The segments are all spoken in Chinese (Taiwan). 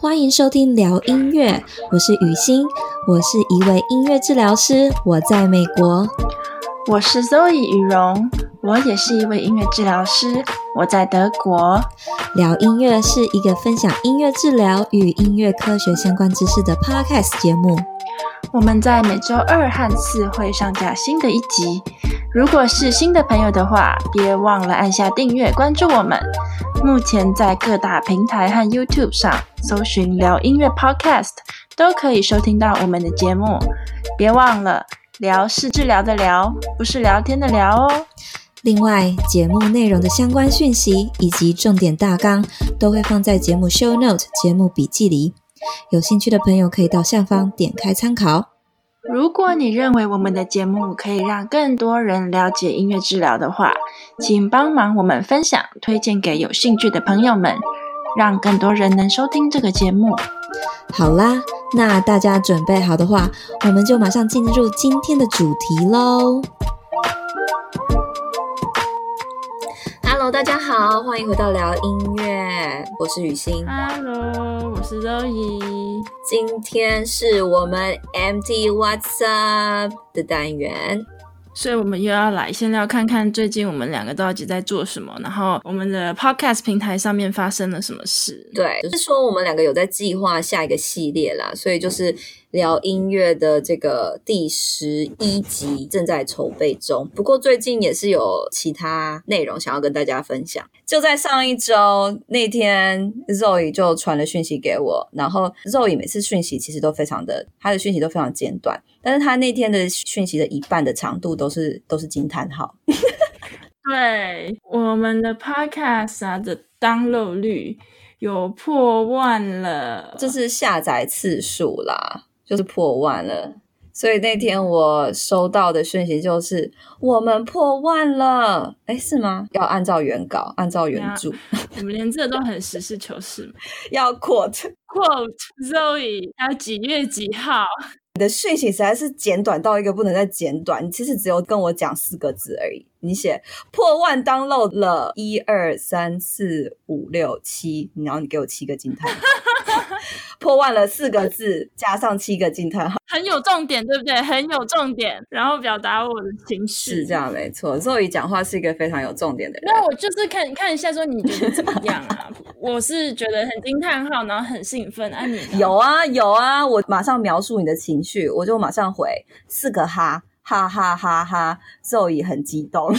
歡迎收聽《療音樂》，我是雨欣，我是一位音樂治療師，我在美國。我是 Zoe 雨蓉，我也是一位音樂治療師，我在德國。療音樂是一個分享音樂治療與音樂科學相關知識的 Podcast 節目。我們在每周二和四會上架新的一集。如果是新的朋友的話，別忘了按下訂閱關注我們。目前在各大平台和 YouTube 上搜尋“療音樂 Podcast”，都可以收聽到我們的節目。別忘了“療”是治療的“療”，不是聊天的“聊”哦。另外，節目內容的相關訊息以及重點大綱都會放在節目 Show Note 節目筆記裡。有興趣的朋友可以到下方點開參考。如果你認為我們的節目可以讓更多人了解音樂治療的話，請幫忙我們分享推薦給有興趣的朋友們，讓更多人能收聽這個節目。好啦，那大家準備好的話，我們就馬上進入今天的主題嘍。大家好，歡迎回到療音樂，我是雨欣。Hello，我是 Zoe。今天是我們 MT What's up 的單元，所以我們又要來先要看看最近我們兩個到底在做什麼，然後我們的 Podcast 平台上面發生了什麼事。對，就是說我們兩個有在計劃下一個系列啦，所以就是。療音樂的這個第十一集正在籌備中，不過最近也是有其他內容想要跟大家分享。就在上一週那天，Zoe 就傳了訊息給我。然後 Zoe 每次訊息其實都非常的，他的訊息都非常簡短，但是他那天的訊息的一半的長度都是都是驚嘆號。 對，我們的 Podcast 啊，的 download 率有破萬了，這是下載次數啦。就是破萬了，所以那天我收到的訊息就是我們破萬了。哎，是嗎？要按照原稿，按照原著，yeah, 我們連這個都很實事求是。要 quote quote Zoe，要幾月幾號？你的訊息實在是簡短到一個不能再簡短，你其實只有跟我講四個字而已。你寫破萬 download 了，一二三四五六七，1, 2, 3, 4, 5, 6, 7, 然後你給我七個驚嘆。 破萬了四個字加上七個驚嘆號，很有重點，對不對？很有重點，然後表達我的情緒是這樣，沒錯。所以講話是一個非常有重點的人。那我就是看看一下，說，你覺得怎麼樣啊？ 我是覺得很驚嘆號，然後很興奮。啊你有啊有啊，我馬上描述你的情緒，我就馬上回四個哈。哈哈哈哈，所以 很激動。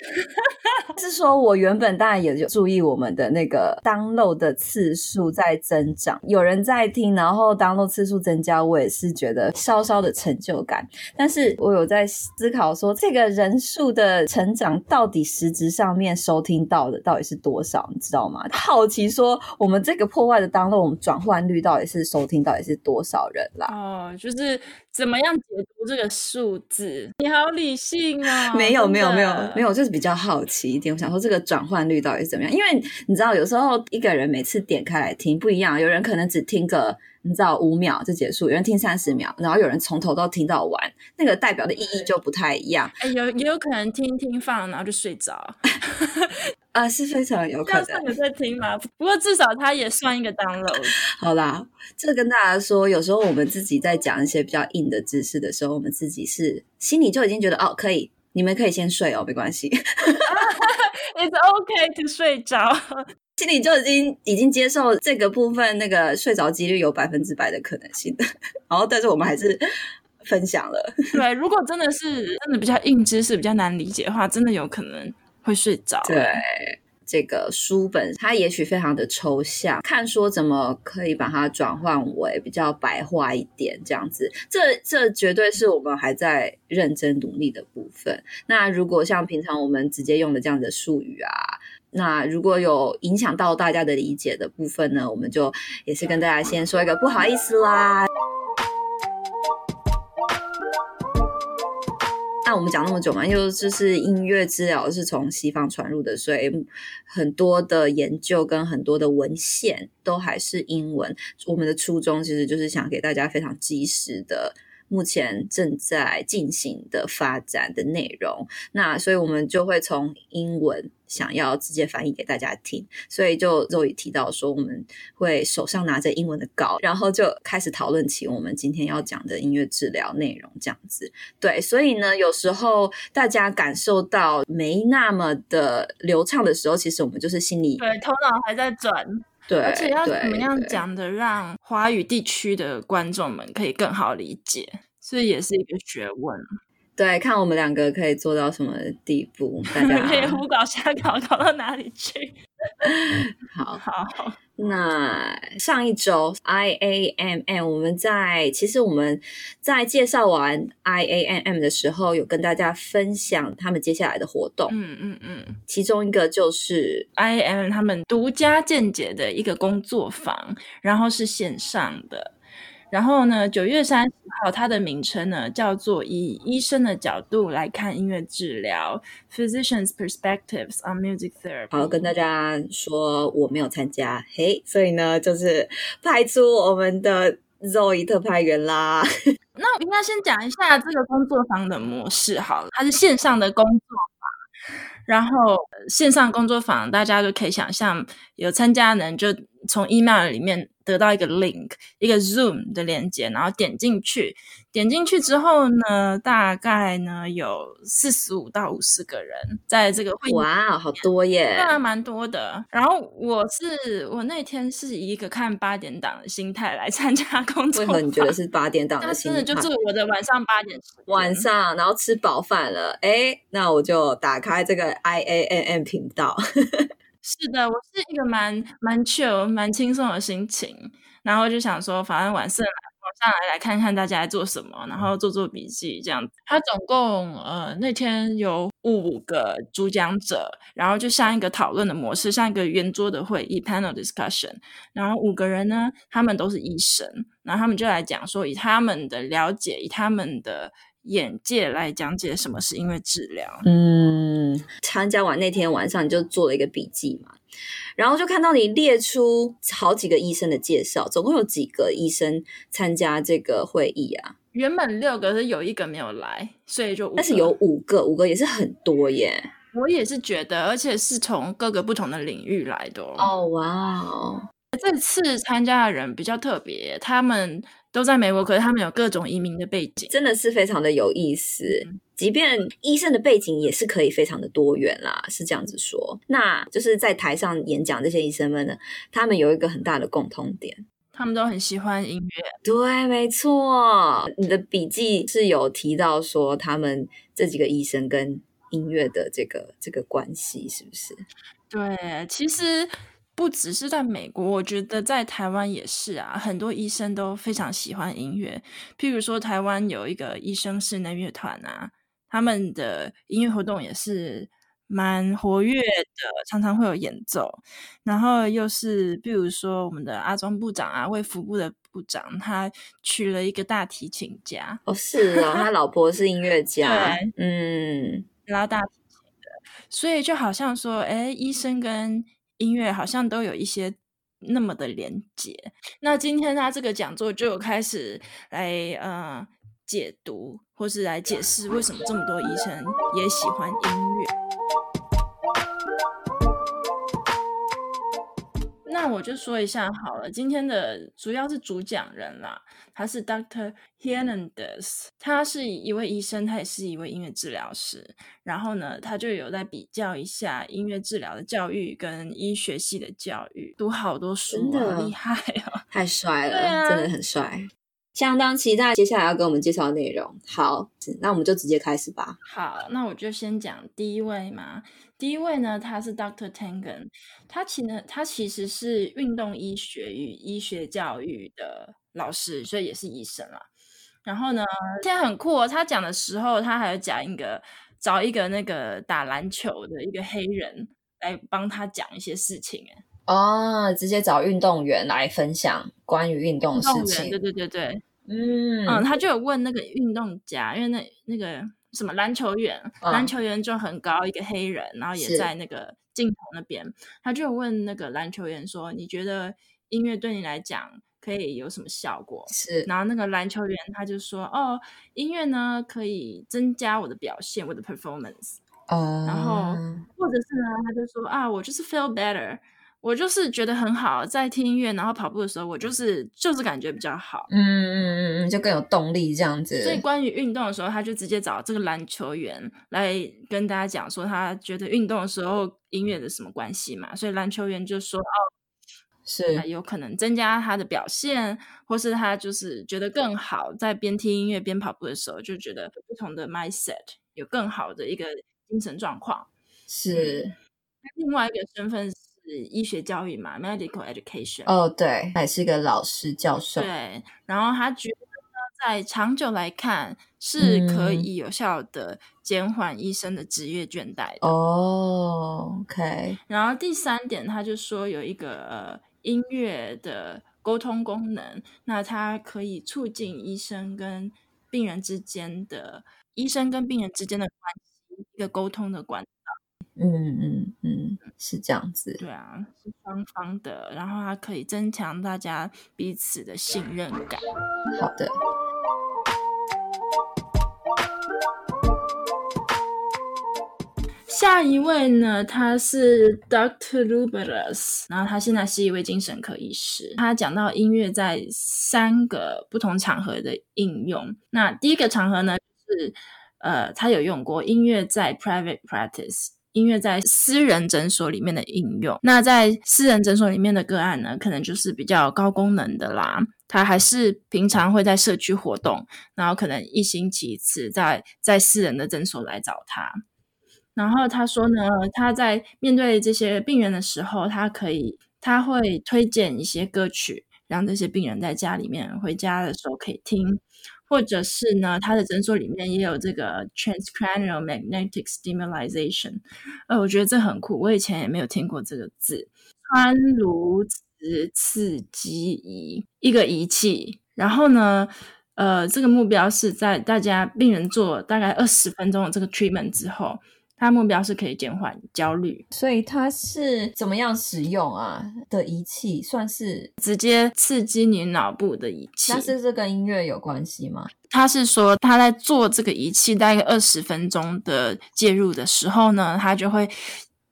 Oh. 是說，我原本當然也有注意我們的那個 download 的次數在增長，有人在聽，然後 download 次數增加，我也是覺得稍稍的成就感。但是我有在思考說，這個人數的成長到底實質上面收聽到的到底是多少？你知道嗎？好奇說，我們這個破萬的 download 我們轉換率到底是收聽到，到底是多少人啦？哦，就是。怎麼樣解讀這個數字？你好理性啊、哦真的！沒有沒有沒有沒有，就是比較好奇一點。我想說這個轉換率到底是怎麼樣？因為你知道，有時候一個人每次點開來聽不一樣，有人可能只聽個你知道五秒就結束，有人聽三十秒，然後有人從頭都聽到完，那個代表的意義就不太一樣。哎、嗯，有也有可能聽聽放了，然後就睡着。 啊，是非常有可能的。你，在聽嗎？不過至少他也算一個 download。 好啦，這跟大家說，有時候我們自己在講一些比較硬的知識的時候，我們自己是心裡就已經覺得哦，可以，你們可以先睡哦，沒關係。 uh, It's okay to 睡着。心裡就已經已經接受這個部分，那個睡着幾率有百分之百的可能性。然 後，但是我們還是分享了。 對，如果真的是真的比較硬知識，比較難理解的話，真的有可能。會睡着。對，對這個書本，它也許非常的抽象，看說怎麼可以把它轉換為比較白話一點這樣子。這這絕對是我們還在認真努力的部分。那如果像平常我們直接用的這樣的術語啊，那如果有影響到大家的理解的部分呢，我們就也是跟大家先說一個不好意思啦。那我們講那麼久嘛，因為就是音樂治療是從西方傳入的，所以很多的研究跟很多的文獻都還是英文。我們的初衷其實就是想給大家非常及時的。目前正在進行的發展的內容，那所以我們就會從英文想要直接翻譯給大家聽，所以就 Zoe 提到說，我們會手上拿着英文的稿，然後就開始討論起我們今天要講的音樂治療內容這樣子。對，所以呢，有時候大家感受到沒那麼的流暢的時候，其實我們就是心裡……對，頭腦還在轉。對，而且要怎麼樣講的，讓華語地區的觀眾們可以更好理解，對所以也是一個學問。對，看我們兩個可以做到什麼地步，我們可以胡搞瞎搞，搞到哪裡去？好 好，好好，那上一週 I A M M 我們在，其實我們在介紹完 I A M M 的時候，有跟大家分享他們接下來的活動。嗯嗯嗯，嗯嗯，其中一個就是 I A M 他們獨家見解的一個工作坊，然後是線上的。然後呢，九月三十號，它的名稱呢叫做“以醫生的角度來看音樂治療 ”（Physicians’ Perspectives on Music Therapy）。好，跟大家說，我沒有參加，嘿，所以呢，就是派出我們的 Zoe 特派員啦。 那我應該先講一下這個工作坊的模式好了，它是線上的工作坊，然後線上工作坊，大家就可以想象，有參加的人就從 email 裡面。得到一個 link，一個 Zoom 的連接，然後點進去。點進去之後呢，大概呢有四十五到五十個人在這個會。哇，好多耶！蠻多的。然後我是我那天是以一個看八點檔的心態來參加工作。為什麼你覺得是八點檔的心態？那真的就是我的晚上八點。晚上，然後吃飽飯了，哎，那我就打開這個 IAMM 頻道。是的，我是一個蠻蠻 chill、蠻輕鬆的心情，然後就想說，反正晚上來，我上來來看看大家在做什麼，然後做做筆記這樣子。他總共呃那天有五個主講者，然後就像一個討論的模式，像一個圓桌的會議 （panel discussion）。嗯、然後五個人呢，他們都是醫生，然後他們就來講說，以他們的了解，以他們的眼界來講解什麼是音樂治療，嗯。參加完那天晚上，你就做了一個筆記嘛，然後就看到你列出好幾個醫生的介紹，總共有幾個醫生參加這個會議啊？原本六個是有一個沒有來，所以就五個，但是有五個，五個也是很多耶。我也是覺得，而且是從各個不同的領域來的。哦，哇哦，這次參加的人比較特別，他們。都在美國，可是他們有各種移民的背景，真的是非常的有意思。嗯、即便醫生的背景也是可以非常的多元啦，是這樣子說。那就是在台上演講這些醫生們呢，他們有一個很大的共通點，他們都很喜歡音樂。對，沒錯。你的筆記是有提到說，他們這幾個醫生跟音樂的這個這個關係是不是？對，其實。不只是在美國，我覺得在台灣也是啊。很多醫生都非常喜歡音樂，譬如說台灣有一個醫生室內樂團啊，他們的音樂活動也是蠻活躍的，常常會有演奏。然後又是譬如說我們的阿中部長啊，衛福部的部長，他娶了一個大提琴家。哦，是啊，他老婆是音樂家， 對嗯，拉大提琴的。所以就好像說，哎、欸，醫生跟音樂好像都有一些那麼的連結，那今天他這個講座就開始來呃解讀或是來解釋為什麼這麼多醫生也喜歡音樂。那我就說一下好了。今天的主要是主講人啦，他是 Doctor Hernandez，他是一位醫生，他也是一位音樂治療師。然後呢，他就有在比較一下音樂治療的教育跟醫學系的教育，讀好多書啊，哦、厲害啊、哦，太帥了，真的很帥。相當期待接下來要跟我們介紹的內容。好，那我們就直接開始吧。好，那我就先講第一位嘛。第一位呢，他是 Doctor Tengen，他其實他其實是運動醫學與醫學教育的老師，所以也是醫生啦。然後呢，現在很酷哦，他講的時候，他還有講一個找一個那個打籃球的一個黑人來幫他講一些事情，哦，直接找運動員來分享關於運動的事情。對對對對，嗯嗯，他就有問那個運動家，因為那那個什麼籃球員，嗯、籃球員就很高，一個黑人，然後也在那個鏡頭那邊，是他就有問那個籃球員說：“你覺得音樂對你來講可以有什麼效果？”是，然後那個籃球員他就說：“哦，音樂呢可以增加我的表現，我的 performance。嗯”哦，然後或者是呢，他就說：“啊，我就是 feel better。”我就是覺得很好，在聽音樂然後跑步的時候，我就是就是感覺比較好，嗯嗯嗯，就更有動力這樣子。所以關於運動的時候，他就直接找這個籃球員來跟大家講說，他覺得運動的時候音樂的什麼關係嘛？所以籃球員就說：“哦，是、嗯、有可能增加他的表現，或是他就是覺得更好，在邊聽音樂邊跑步的時候，就覺得不同的 mindset 有更好的一個精神狀況。是”是、嗯。另外一個身份是。醫學教育嘛，medical education。哦，oh, 對，還是一個老師教授。對，然後他覺得呢，在長久來看，是可以有效的減緩醫生的職業倦怠。哦、oh，OK。然後第三點，他就說有一個、呃、音樂的溝通功能，那它可以促進醫生跟病人之間的醫生跟病人之間的關係，一個溝通的關。嗯嗯嗯，是這樣子。對啊，是方方的，然後它可以增強大家彼此的信任感。好的。下一位呢，他是 Doctor Lubbers，然後他現在是一位精神科醫師。他講到音樂在三個不同場合的應用。那第一個場合呢，是呃，他有用過音樂在 private practice。音樂在私人診所裡面的應用，那在私人診所裡面的個案呢，可能就是比較高功能的啦。他還是平常會在社區活動，然後可能一星期一次在在私人的診所來找他。然後他說呢，他在面對這些病人的時候，他可以，他會推薦一些歌曲，讓這些病人在家裡面回家的時候可以聽。或者是呢，他的診所裡面也有這個 transcranial magnetic stimulization，呃，我覺得這很酷，我以前也沒有聽過這個字，穿顱磁刺激儀，一個儀器，然後呢，呃，這個目標是在大家病人做大概二十分鐘的這個 treatment 之後。他目標是可以減緩焦慮，所以他是怎麼樣使用啊的儀器？的儀器算是直接刺激你腦部的儀器。但是這跟音樂有關係嗎？他是說他在做這個儀器大概二十分鐘的介入的時候呢，他就會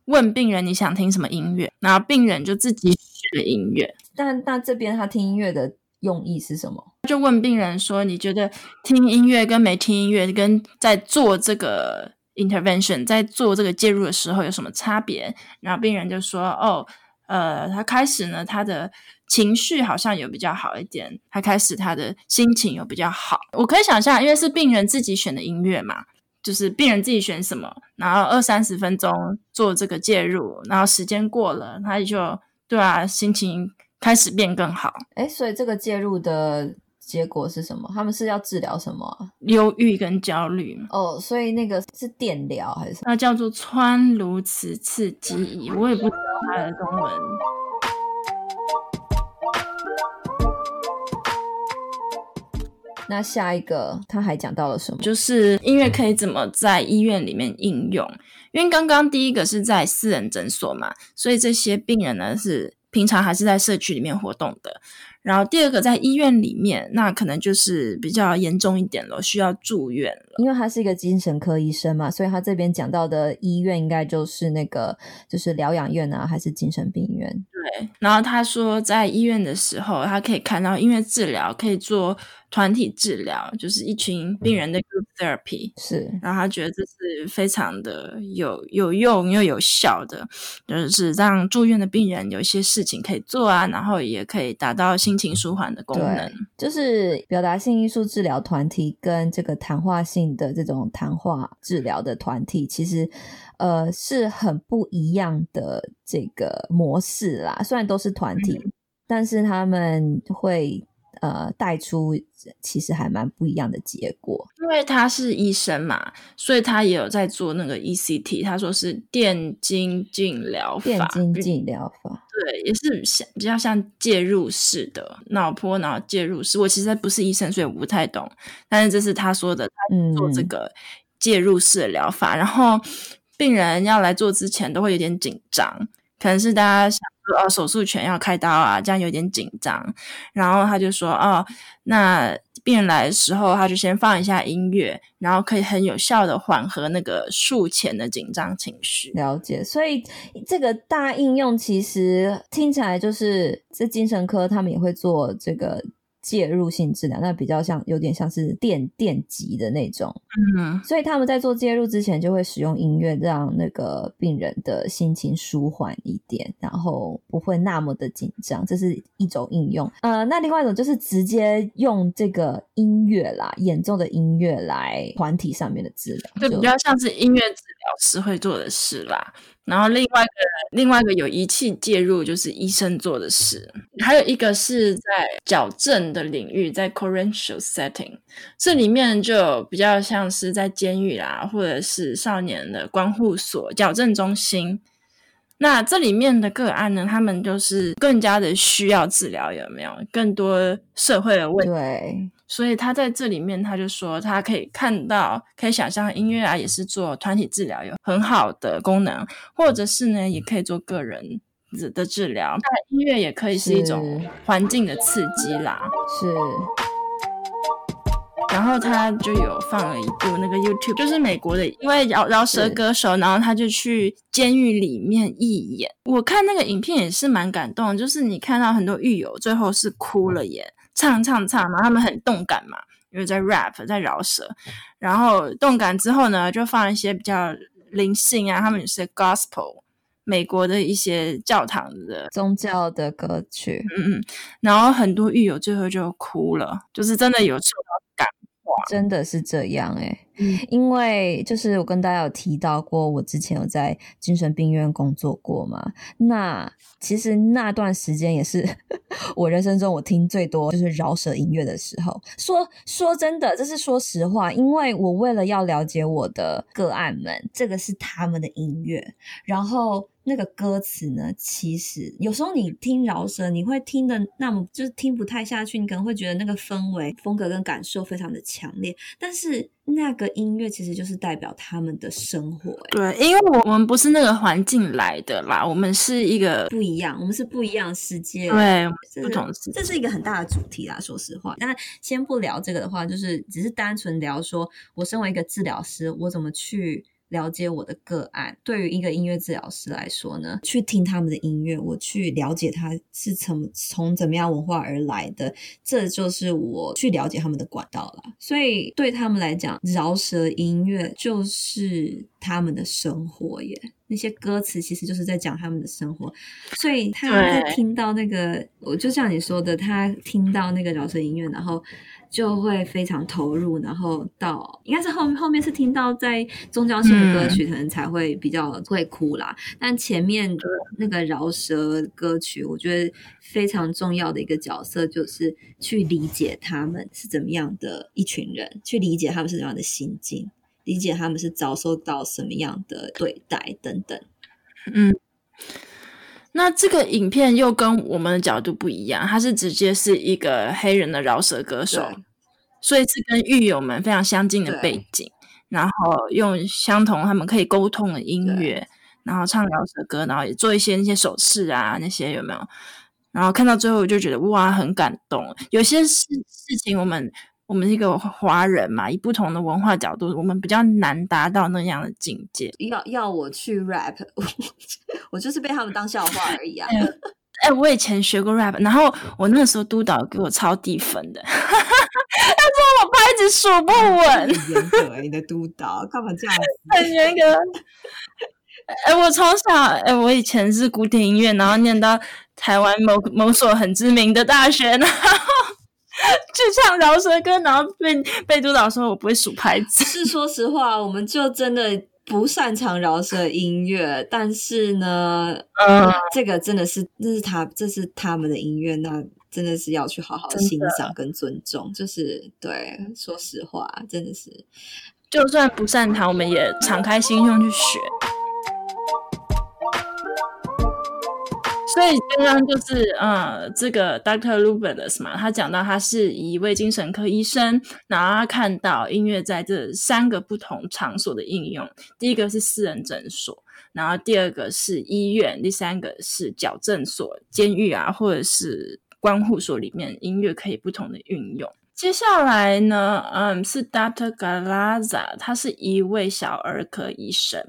問病人，你想聽什麼音樂，然後病人就自己學音樂。但那這邊他聽音樂的用意是什麼？就問病人說，你覺得聽音樂跟沒聽音樂跟在做這個。Intervention 在做這個介入的時候有什麼差別？然後病人就說：“哦，呃，他開始呢，他的情緒好像有比較好一點，他開始他的心情有比較好。”我可以想象，因為是病人自己選的音樂嘛，就是病人自己選什麼，然後二三十分鐘做這個介入，然後時間過了，他就對啊，心情開始變更好。誒，所以這個介入的。結果是什麼？他們是要治療什麼？憂鬱跟焦慮哦，oh, 所以那個是電療還是？那叫做穿顱磁刺激，我也不知道他的中文。 那下一個他還講到了什麼？就是音樂可以怎麼在醫院裡面應用？因為剛剛第一個是在私人診所嘛，所以這些病人呢是平常還是在社區裡面活動的。然後第二個在醫院裡面，那可能就是比較嚴重一點了，需要住院了。因為他是一個精神科醫生嘛，所以他這邊講到的醫院應該就是那個就是療養院啊，還是精神病院？對，然後他說在醫院的時候，他可以看到音樂治療可以做團體治療，就是一群病人的 group therapy 是、嗯，然後他覺得這是非常的有有用又有效的，就是讓住院的病人有一些事情可以做啊，然後也可以達到心情舒緩的功能。對，就是表達性藝術治療團體跟這個談話性的這種談話治療的團體，其實。呃，是很不一樣的這個模式啦。雖然都是團體，嗯、但是他們會呃帶出其實還蠻不一樣的結果。因為他是醫生嘛，所以他也有在做那個 ECT。他說是電痙攣療法，電痙攣療法，嗯，對，也是像比較像介入式的腦波腦介入式。我其實不是醫生，所以我不太懂。但是這是他說的，他做這個介入式的療法，嗯、然後。病人要來做之前都會有點緊張，可能是大家想說，哦，手術前要開刀啊，這樣有點緊張。然後他就說哦，那病人來的時候他就先放一下音樂，然後可以很有效的緩和那個術前的緊張情緒。了解，所以這個大應用其實聽起來就是這精神科他們也會做這個。介入性治療，那比較像，有點像是電電極的那種，嗯，所以他們在做介入之前，就會使用音樂讓那個病人的心情舒緩一點，然後不會那麼的緊張，這是一種應用。呃，那另外一種就是直接用這個音樂啦，演奏的音樂來團體上面的治療，對，就比較像是音樂治療。老師會做的事啦，然後另外一個另外一個有儀器介入就是醫生做的事，還有一個是在矯正的領域，在 correctional setting 這裡面就比較像是在監獄啦，或者是少年的關護所矯正中心。那這裡面的個案呢，他們就是更加的需要治療，有沒有更多社會的問題。對所以他在這裡面，他就說他可以看到，可以想象音樂啊，也是做團體治療有很好的功能，或者是呢，也可以做個人的治療。那音樂也可以是一種環境的刺激啦。是。是，然後他就有放了一部那個 YouTube，就是美國的一位，因為饒饒舌歌手，然後他就去監獄裡面義演。是我看那個影片也是蠻感動的，就是你看到很多獄友最後是哭了耶。唱唱唱嘛，他們很動感嘛，因為在 rap，在饒舌，然後動感之後呢，就放了一些比較靈性啊，他們有些 gospel 美國的一些教堂的宗教的歌曲，嗯嗯，然後很多獄友最後就哭了，就是真的有受到感化，真的是這樣哎、欸。因為就是我跟大家有提到過，我之前有在精神病院工作過嘛。那其實那段時間也是 我人生中我聽最多就是饒舌音樂的時候。說說真的，這是說實話，因為我為了要了解我的個案們，這個是他們的音樂，然後那個歌詞呢，其實有時候你聽饒舌，你會聽得那麼就是聽不太下去，你可能會覺得那個氛圍、風格跟感受非常的強烈，但是。那個音樂其實就是代表他們的生活，欸，對，因為我們不是那個環境來的啦，我們是一個不一樣，我們是不一樣世界，對，是不同世界。這是一個很大的主題啦。說實話，那先不聊這個的話，就是只是單純聊說，我身為一個治療師，我怎麼去。了解我的個案，對於一個音樂治療師來說呢，去聽他們的音樂，我去了解他是從從怎麼樣文化而來的，這就是我去了解他們的管道啦。所以對他們來講，饒舌音樂就是他們的生活耶。那些歌詞其實就是在講他們的生活，所以他聽到那個，我對就像你說的，他聽到那個饒舌音樂，然後。就會非常投入，然後到應該是後面後面是聽到在宗教型的歌曲，嗯、可能才會比較會哭啦。但前面那個饒舌歌曲，我覺得非常重要的一個角色就是去理解他們是怎麼樣的一群人，去理解他們是怎麼樣的心境，理解他們是遭受到什麼樣的對待等等。嗯。那這個影片，又跟我們的角度不一樣，他是直接是一個黑人的饒舌歌手，對所以是跟獄友們非常相近的背景，對然後用相同他們可以溝通的音樂，對然後唱饒舌歌，然後也做一些那些手勢啊，那些有沒有，然後看到最後我就覺得哇，很感動。有些事事情我們。我們是一個華人嘛，以不同的文化角度，我們比較難達到那樣的境界。要要我去 rap，我就是被他們當笑話而已啊！哎、 欸欸，我以前學過 rap，然後我那時候督導給我超低分的，他 說我拍子數不穩，很嚴格。你的督導幹嘛這樣？很嚴格。哎，我從小哎、欸，我以前是古典音樂，然後唸到台灣某某所很知名的大學呢。 去唱饒舌歌，然後被被督導說我不會數拍子。是，說實話，我們就真的不擅長饒舌音樂。但是呢，呃、這個真的是，那是他，這是他們的音樂，那真的是要去好好欣賞跟尊重。真的。就是對，說實話，真的是，就算不擅長，我們也敞開心胸去學。所以剛剛就是呃、嗯，這個 Doctor Luberts 嘛，他講到他是一位精神科醫生，然後他看到音樂在這三個不同場所的應用。第一個是私人診所，然後第二個是醫院，第三個是矯正所、監獄啊，或者是關護所裡面，音樂可以不同的運用。接下來呢，嗯，是 Doctor Galaza，他是一位小兒科醫生。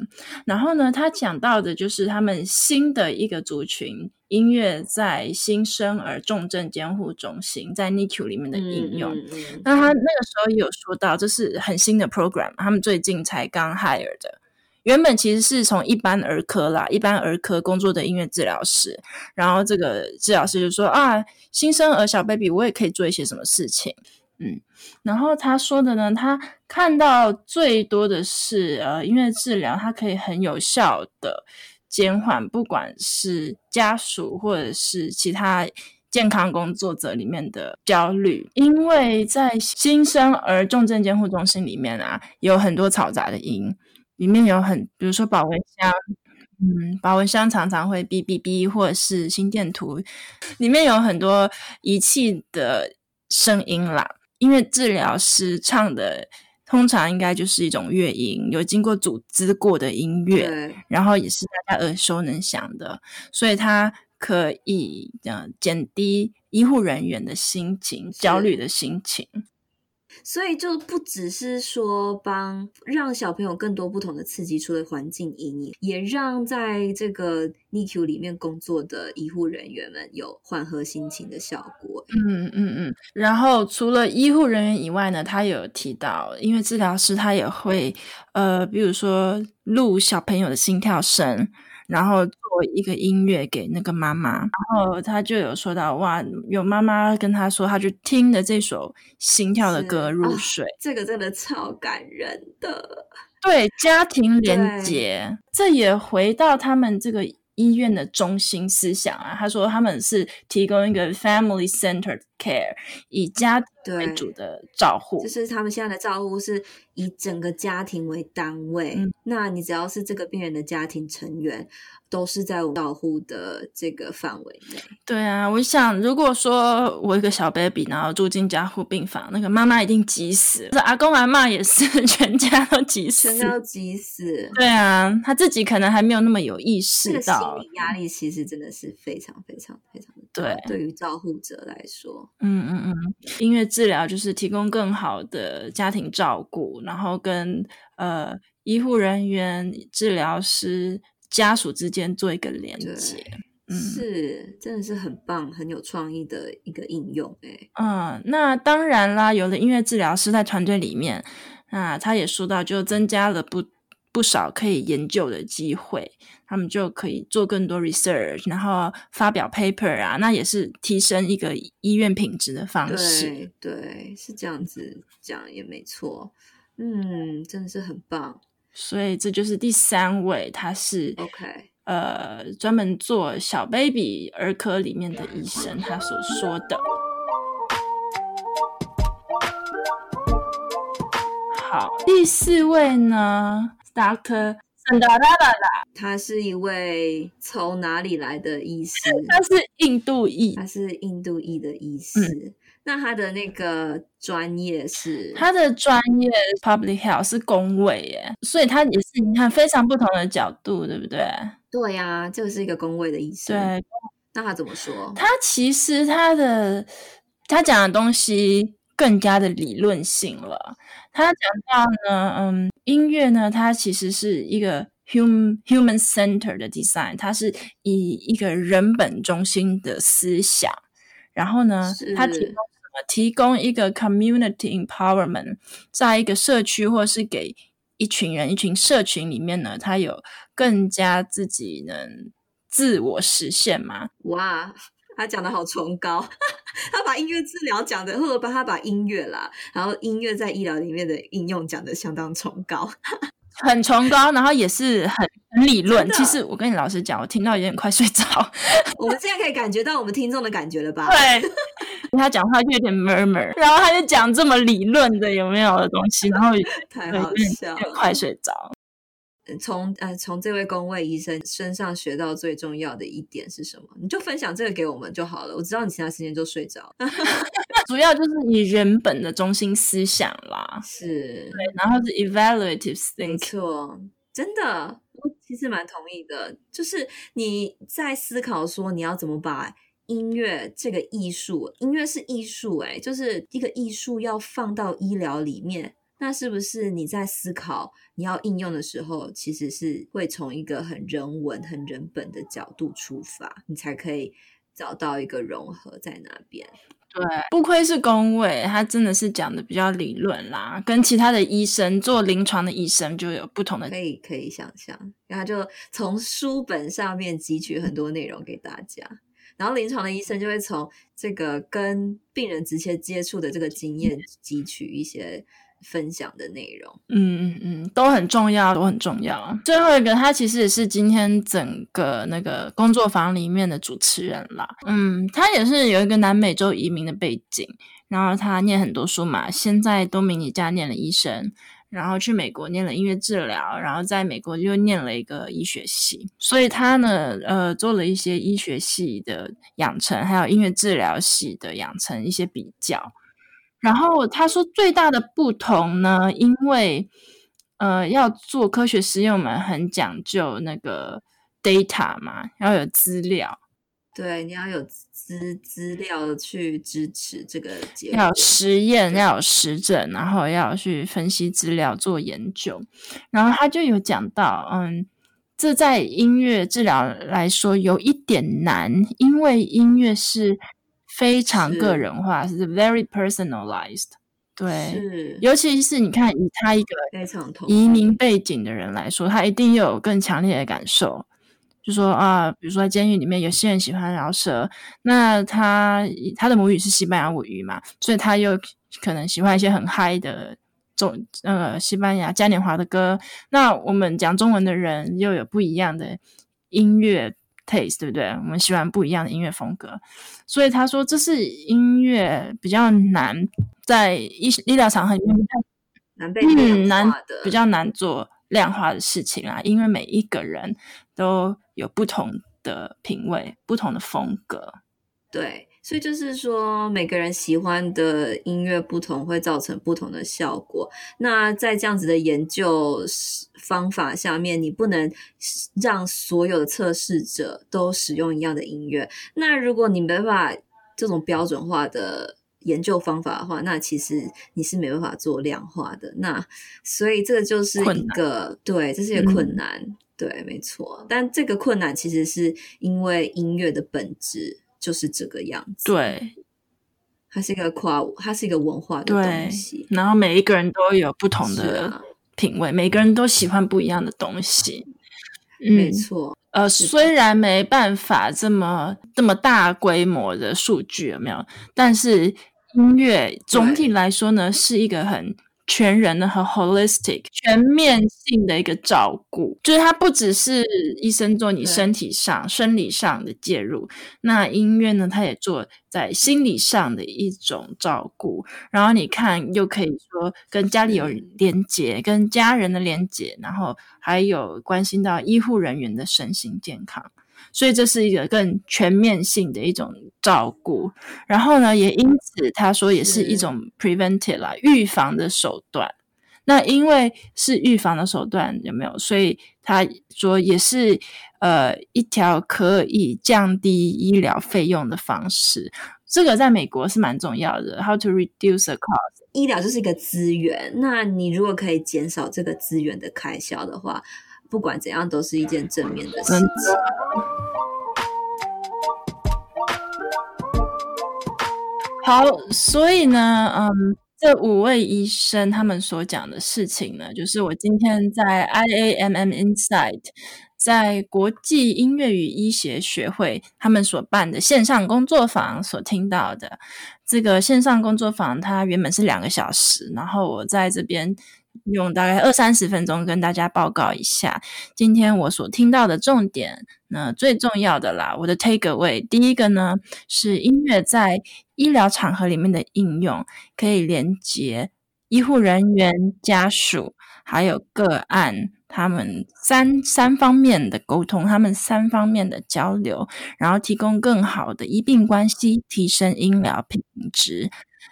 然後呢，他講到的就是他們新的一個族群，音樂在新生兒重症監護中心，在 NICU 裡面的應用。嗯嗯嗯、那他那個時候有說到，這是很新的 program，他們最近才剛 hire 的。原本其實是從一般兒科啦，一般兒科工作的音樂治療師。然後這個治療師就說啊，新生兒小 baby，我也可以做一些什麼事情。嗯，然後他說的呢，他看到最多的是，呃，音樂治療它可以很有效的減緩不管是家屬或者是其他健康工作者裡面的焦慮，因為在新生兒重症監護中心裡面啊，有很多嘈雜的音，裡面有很，比如說保溫箱，嗯，保溫箱常常會嗶嗶嗶或者是心電圖，裡面有很多儀器的聲音啦。因為治療師唱的通常應該就是一種樂音，有經過組織過的音樂，Okay. 然後也是大家耳熟能詳的，所以它可以嗯減低醫護人員的心情、是焦慮的心情。所以就不只是說幫讓小朋友更多不同的刺激，除了環境陰影，也讓在這個 NICU 裡面工作的醫護人員們有緩和心情的效果。嗯嗯嗯。然後除了醫護人員以外呢，他有提到，因為治療師他也會，呃，比如說錄小朋友的心跳聲。然後做一個音樂給那個媽媽，然後他就有說到哇，有媽媽跟他說，他就聽著這首《心跳的歌入睡》啊，這個真的超感人的。對，家庭連接。對這也回到他們這個醫院的中心思想啊。他說他們是提供一個 family-centered care，以家。對。主的照護，就是他們現在的照護是以整個家庭為單位。嗯、那你只要是這個病人的家庭成員，都是在我照護的這個範圍內。對啊，我想，如果說我一個小 baby，然後住進加護病房，那個媽媽一定急死，這阿公阿嬤也是，全家都急死，全家都急死。對啊，他自己可能還沒有那麼有意識到，這個心理壓力其實真的是非常非常非常的對。對於照護者來說，嗯嗯嗯，因為。治療就是提供更好的家庭照顧，然後跟呃醫護人員、治療師、家屬之間做一個連接。對嗯、是，真的是很棒，很有創意的一個應用。誒，嗯，那當然啦，有的音樂治療師在團隊裡面，那、呃、他也說到，就增加了不。不少可以研究的機會，他們就可以做更多 research，然後發表 paper 啊，那也是提升一個醫院品質的方式。對，對，是這樣子講也沒錯，嗯，真的是很棒。所以這就是第三位，他是 OK，呃，專門做小 baby 兒科裡面的醫生，他所說的。好，第四位呢？Doctor，、嗯、他是一位從哪裡來的醫生？ 他是印度裔，他是印度裔的醫生。嗯、那他的那個專業是？他的專業 Public Health 是公衛耶，所以他也是你看非常不同的角度，對不對？對呀、啊，就是一個公衛的醫生。對，那他怎麼說？他其實他的他講的東西更加的理論性了。他講到呢，嗯，音樂呢，它其實是一個 human human centered 的 design，它是以一個人本中心的思想。然後呢，是它提供什麼？提供一個 community empowerment，在一個社區或是給一群人、一群社群裡面呢，它有更加自己能自我實現嗎？哇！他講的好崇高，他把音樂治療講的，或者幫他把音樂啦，然後音樂在醫療裡面的應用講的相當崇高，很崇高，然後也是很理論。 的其實我跟你老實講，我聽到有點快睡着。我們現在可以感覺到我們聽眾的感覺了吧？對，他講話就有點 murmur，然後他就講這麼理論的有沒有的東西，然後 太好笑，快睡着。從呃從這位公衛醫生身上學到最重要的一點是什麼？你就分享這個給我們就好了。我知道你其他時間就睡着了， 主要就是你人本的中心思想啦，是對，然後是 evaluative thinking，沒錯，真的，我其實蠻同意的，就是你在思考說你要怎麼把音樂這個藝術，音樂是藝術，欸，哎，就是一個藝術要放到醫療裡面。那是不是你在思考你要應用的時候，其實是會從一個很人文、很人本的角度出發，你才可以找到一個融合在那邊？對，不愧是公衛，他真的是講的比較理論啦，跟其他的醫生做臨床的醫生就有不同的。可以可以想象，然後就從書本上面汲取很多內容給大家，然後臨床的醫生就會從這個跟病人直接接觸的這個經驗汲取一些。分享的內容，嗯嗯嗯，都很重要，都很重要。最後一個，他其實也是今天整個那個工作坊裡面的主持人啦。嗯，他也是有一個南美洲移民的背景，然後他念很多書嘛，先在多米尼加念了醫生，然後去美國念了音樂治療，然後在美國又念了一個醫學系，所以他呢，呃，做了一些醫學系的養成，還有音樂治療系的養成一些比較。然後他說最大的不同呢，因為呃要做科學實驗，我們很講究那個 data 嘛，要有資料。對，你要有資資料去支持這個結果，要實驗，對要有實證，然後要去分析資料做研究。然後他就有講到，嗯，這在音樂治療來說有一點難，因為音樂是。非常個人化，是，是 very personalized。對，是尤其是你看，以他一個移民背景的人來說，他一定有更強烈的感受。就說啊，比如說在監獄裡面，有些人喜歡饒舌，那他他的母語是西班牙語嘛，所以他又可能喜歡一些很嗨的中那個西班牙嘉年華的歌。那我們講中文的人又有不一樣的音樂。Taste 對不對？我們喜歡不一樣的音樂風格，所以他說這是音樂比較難在醫醫療場合裡面難、嗯、難比較難做量化的事情啊，因為每一個人都有不同的品味，不同的風格，對。所以就是說，每個人喜歡的音樂不同，會造成不同的效果。那在這樣子的研究方法下面，你不能讓所有的測試者都使用一樣的音樂。那如果你沒辦法這種標準化的研究方法的話，那其實你是沒辦法做量化的。那所以這個就是一個困難對，這是一個困難，嗯、對，沒錯。但這個困難其實是因為音樂的本質。就是這個樣子。對，它是一個跨，它是一個文化的東西對。然後每一個人都有不同的品味，啊、每個人都喜歡不一樣的東西。嗯、沒錯。呃，雖然沒辦法這麼這麼大規模的數據有沒有？但是音樂總體來說呢，對是一個很。全人呢、和 holistic 全面性的一個照顧，就是它不只是醫生做你身體上、對生理上的介入，那音樂呢，它也做在心理上的一種照顧。然後你看，又可以說跟家裡有連接，跟家人的連接，然後還有關心到醫護人員的身心健康。所以這是一個更全面性的一種照顧，然後呢，也因此他說也是一種 prevented 啦是預防的手段。那因為是預防的手段，有沒有？所以他說也是呃一條可以降低醫療費用的方式。這個在美國是蠻重要的，how to reduce the cost？醫療就是一個資源，那你如果可以減少這個資源的開銷的話。不管怎樣，都是一件正面的事情。嗯。好，所以呢，嗯，這五位醫生他們所講的事情呢，就是我今天在 IAMM Inside，在國際音樂與醫學學會他們所辦的線上工作坊所聽到的。這個線上工作坊它原本是兩個小時，然後我在這邊。用大概二三十分鐘跟大家報告一下今天我所聽到的重點。那最重要的啦，我的 take away 第一個呢是音樂在醫療場合裡面的應用，可以連接醫護人員、家屬還有個案他們三三方面的溝通，他們三方面的交流，然後提供更好的醫病關係，提升醫療品質。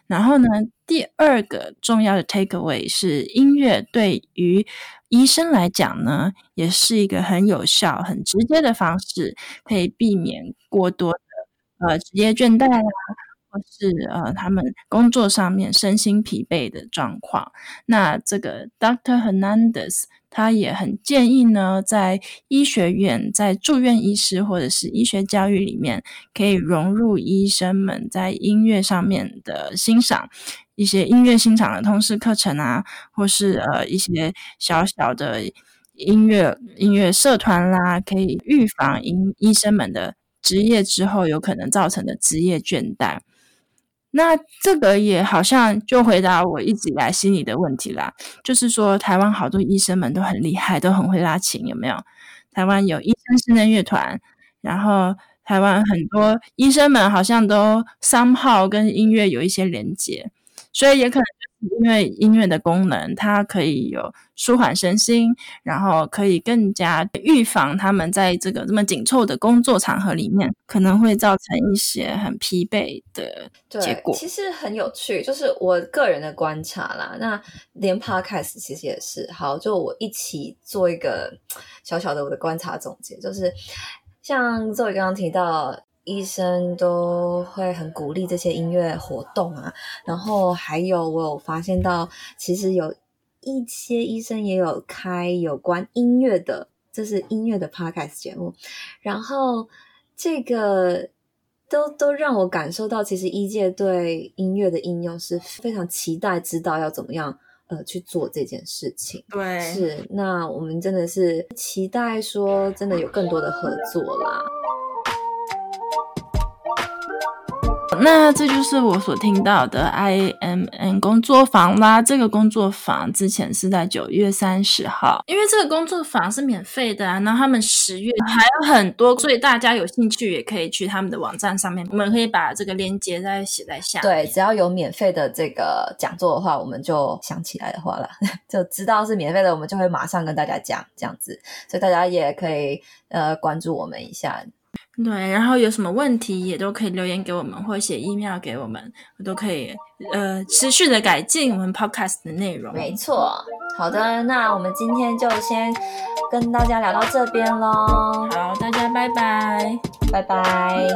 然後呢，第二個重要的 takeaway 是，音樂對於醫生來講呢，也是一個很有效、很直接的方式，可以避免過多的呃職業倦怠啦。是呃，他們工作上面身心疲憊的狀況。那這個 Doctor Hernandez 他也很建議呢，在醫學院、在住院醫師或者是醫學教育裡面，可以融入醫生們在音樂上面的欣賞，一些音樂欣賞的通識課程啊，或是呃一些小小的音樂音樂社團啦、啊，可以預防醫醫生們的職業之後有可能造成的職業倦怠。那這個也好像就回答我一直以來心裡的問題啦，就是說台灣好多醫生們都很厲害，都很會拉琴，有沒有？台灣有醫生室內樂團，然後台灣很多醫生們好像都 somehow 跟音樂有一些連接。所以也可能就是因為音樂的功能，它可以有舒緩身心，然後可以更加預防他們在這個這麼緊湊的工作場合裡面，可能會造成一些很疲憊的結果。對，其實很有趣，就是我個人的觀察啦。那連 Podcast 其實也是好，就我一起做一個小小的我的觀察總結，就是像 Zoe 剛剛提到。醫生都會很鼓勵這些音樂活動啊，然後還有，我有發現到，其實有一些醫生也有開有關音樂的，這是音樂的 podcast 節目，然後這個都都讓我感受到，其實醫界對音樂的應用是非常期待，知道要怎麼樣呃去做這件事情。對，是。那我們真的是期待說，真的有更多的合作啦。那這就是我所聽到的 IAMM 工作坊啦。這個工作坊之前是在九月三十號，因為這個工作坊是免費的啊。那他們十月還有很多，所以大家有興趣也可以去他們的網站上面。我們可以把這個連接再寫在下面。對，只要有免費的這個講座的話，我們就想起來的話了，就知道是免費的，我們就會馬上跟大家講這樣子。所以大家也可以呃關注我們一下。對，然後有什麼問題也都可以留言給我們，或者寫 email 給我們，我都可以，呃，持續地改進我們 podcast 的內容。沒錯，好的，那我們今天就先跟大家聊到這邊嘍。好，大家拜拜，拜拜。拜拜。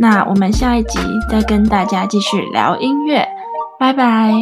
那我們下一集再跟大家繼續聊音樂，拜拜。